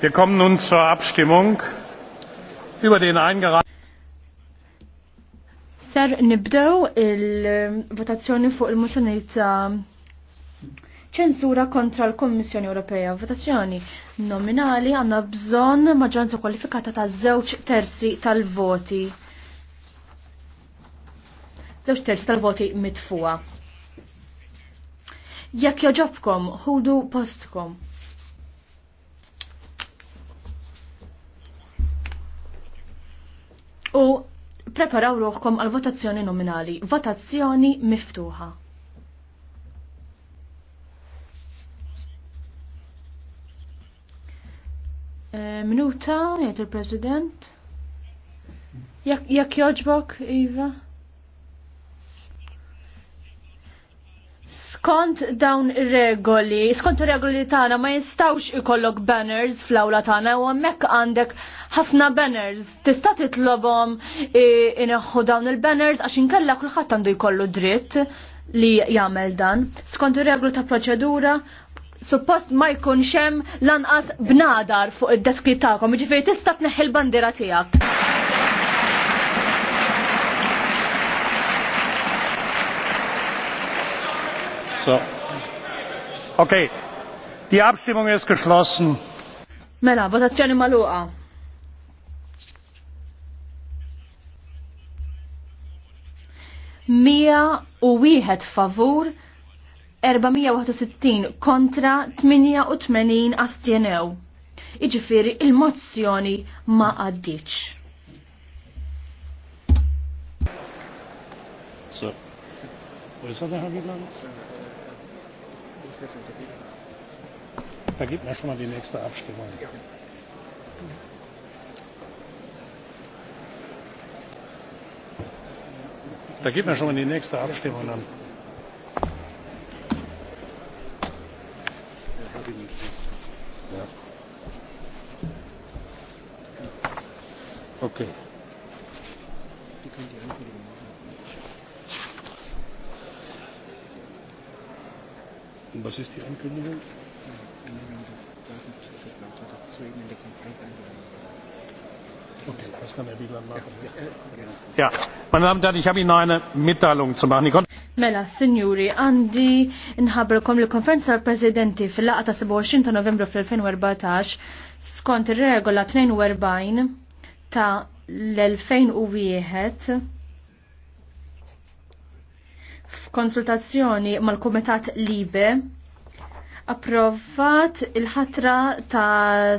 Wir kommen nun zur Abstimmung über den eingereichten Ser nibdew il-votazzjoni fuq il-mozzjoni ta' ċensura kontra l-Kommissjoni Ewropea. Votazzjoni nominali għandna bżonn maġġoranza kwalifikata ta' żewġ terzi tal-voti. Żewġ terzi tal-voti mitfuha. Jekk joġobkom, ħudu postkom. u preparaw ruħkom għal votazzjoni nominali, votazzjoni miftuħa. Eh, minuta, jgħet il-President. Jak joġbok, Iva? skont dawn regoli, skont regoli tagħna ma jistawx ikollok banners fl-awla tagħna u hemmhekk għandek ħafna banners. Tista' titlobhom ineħħu dawn il-banners għax inkella kulħadd għandu jkollu dritt li jagħmel dan. Skont ir-reglu ta' proċedura, suppost ma jkunx hemm lanqas bnadar fuq id-deskri tagħkom, jiġifieri tista' tneħħi l-bandiera tiegħek. So. Okay. Die Abstimmung ist geschlossen. Mela, votazzjoni maluqa. Mija u wieħed favur, 461 kontra 88 astjenew. Iġifiri il-mozzjoni ma għaddiċ. Äh, äh, da gibt man schon mal die nächste Abstimmung. Ja. Da gibt man schon mal die nächste Abstimmung an. Äh, ja. Okay. Die können die Ankündigung machen. Und was ist die Ankündigung? Ja, meine Damen und Herren, ich habe Ihnen eine Mitteilung zu machen. Mela, signori, għandi nħabrilkom li konferenza tal-Presidenti fil-laqa ta' 27 ta' novembru fil-2014 skont ir-regola 42 ta' l-2001 konsultazzjoni mal-Kumitat Libe approvat il-ħatra ta'